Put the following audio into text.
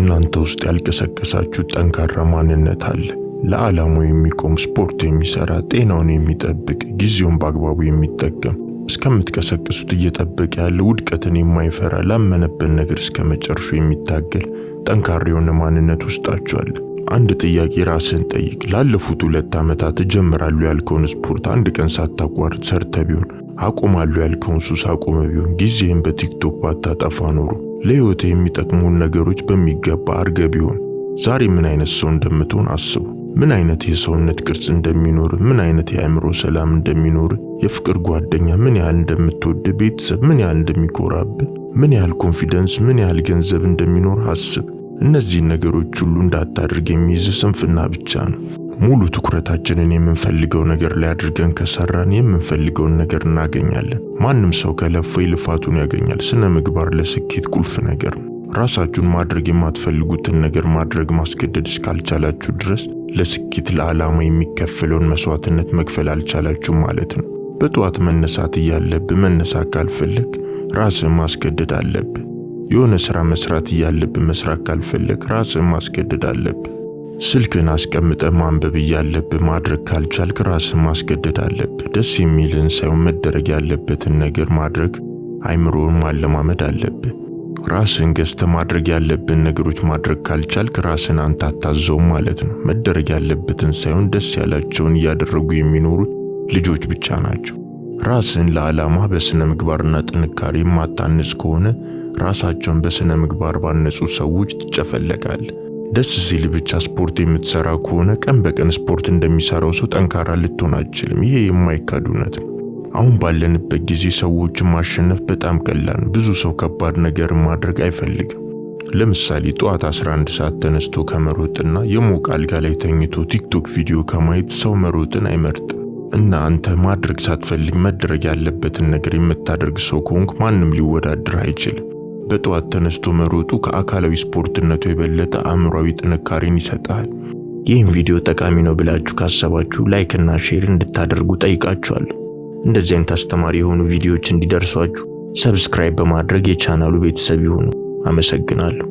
እናንተ ውስጥ ያልቀሰቀሳችሁ ጠንካራ ማንነት አለ። ለዓላማው የሚቆም ስፖርት የሚሰራ፣ ጤናውን የሚጠብቅ፣ ጊዜውን በአግባቡ የሚጠቀም እስከምትቀሰቅሱት እየጠበቀ ያለ፣ ውድቀትን የማይፈራ፣ ላመነበት ነገር እስከ መጨረሹ የሚታገል ጠንካራ የሆነ ማንነት ውስጣችሁ አለ። አንድ ጥያቄ ራስን ጠይቅ። ላለፉት ሁለት ዓመታት እጀምራሉ ያልከውን ስፖርት አንድ ቀን ሳታቋርጥ ሰርተ ቢሆን፣ አቆማለሁ ያልከውን ሱስ አቁመ ቢሆን፣ ጊዜህን በቲክቶክ ባታጠፋ ኖሮ ለሕይወት የሚጠቅሙን ነገሮች በሚገባ አድርገህ ቢሆን ዛሬ ምን አይነት ሰው እንደምትሆን አስቡ። ምን አይነት የሰውነት ቅርጽ እንደሚኖር፣ ምን አይነት የአእምሮ ሰላም እንደሚኖር፣ የፍቅር ጓደኛ ምን ያህል እንደምትወድ፣ ቤተሰብ ምን ያህል እንደሚኮራብ፣ ምን ያህል ኮንፊደንስ፣ ምን ያህል ገንዘብ እንደሚኖር አስብ። እነዚህን ነገሮች ሁሉ እንዳታደርግ የሚይዝ ስንፍና ብቻ ነው። ሙሉ ትኩረታችንን የምንፈልገው ነገር ላይ አድርገን ከሰራን የምንፈልገውን ነገር እናገኛለን። ማንም ሰው ከለፈ ልፋቱን ያገኛል። ስነ ምግባር ለስኬት ቁልፍ ነገር ነው። ራሳችሁን ማድረግ የማትፈልጉትን ነገር ማድረግ ማስገደድ እስካልቻላችሁ ድረስ ለስኬት ለዓላማ የሚከፈለውን መስዋዕትነት መክፈል አልቻላችሁም ማለት ነው። በጠዋት መነሳት እያለብ መነሳት ካልፈለግ ራስህ ማስገደድ አለብህ። የሆነ ሥራ መስራት እያለብህ መስራት ካልፈለግ ራስህ ማስገደድ አለብህ። ስልክን አስቀምጠ ማንበብ እያለብህ ማድረግ ካልቻልክ ራስን ማስገደድ አለብህ። ደስ የሚልን ሳይሆን መደረግ ያለበትን ነገር ማድረግ አይምሮን ማለማመድ አለብህ። ራስን ገዝተ ማድረግ ያለብን ነገሮች ማድረግ ካልቻልክ ራስን አንተ አታዘውም ማለት ነው። መደረግ ያለበትን ሳይሆን ደስ ያላቸውን እያደረጉ የሚኖሩት ልጆች ብቻ ናቸው። ራስን ለዓላማ በስነ ምግባርና ጥንካሬ ማታነጽ ከሆነ ራሳቸውን በስነ ምግባር ባነጹ ሰዎች ትጨፈለቃል። ደስ ሲል ብቻ ስፖርት የምትሰራ ከሆነ ቀን በቀን ስፖርት እንደሚሰራው ሰው ጠንካራ ልትሆን አትችልም። ይሄ የማይካድ እውነት ነው። አሁን ባለንበት ጊዜ ሰዎችን ማሸነፍ በጣም ቀላል ነው። ብዙ ሰው ከባድ ነገር ማድረግ አይፈልግም። ለምሳሌ ጠዋት 11 ሰዓት ተነስቶ ከመሮጥና የሞቀ አልጋ ላይ ተኝቶ ቲክቶክ ቪዲዮ ከማየት ሰው መሮጥን አይመርጥም። እና አንተ ማድረግ ሳትፈልግ መደረግ ያለበትን ነገር የምታደርግ ሰው ከሆንክ ማንም ሊወዳድር አይችልም። በጠዋት ተነስቶ መሮጡ ከአካላዊ ስፖርትነቱ የበለጠ አእምሯዊ ጥንካሬን ይሰጣል። ይህም ቪዲዮ ጠቃሚ ነው ብላችሁ ካሰባችሁ እና ሼር እንድታደርጉ ጠይቃችኋለሁ። እንደዚህ አይነት አስተማሪ የሆኑ ቪዲዮዎች እንዲደርሷችሁ ሰብስክራይብ በማድረግ የቻናሉ ቤተሰብ ይሁኑ። አመሰግናለሁ።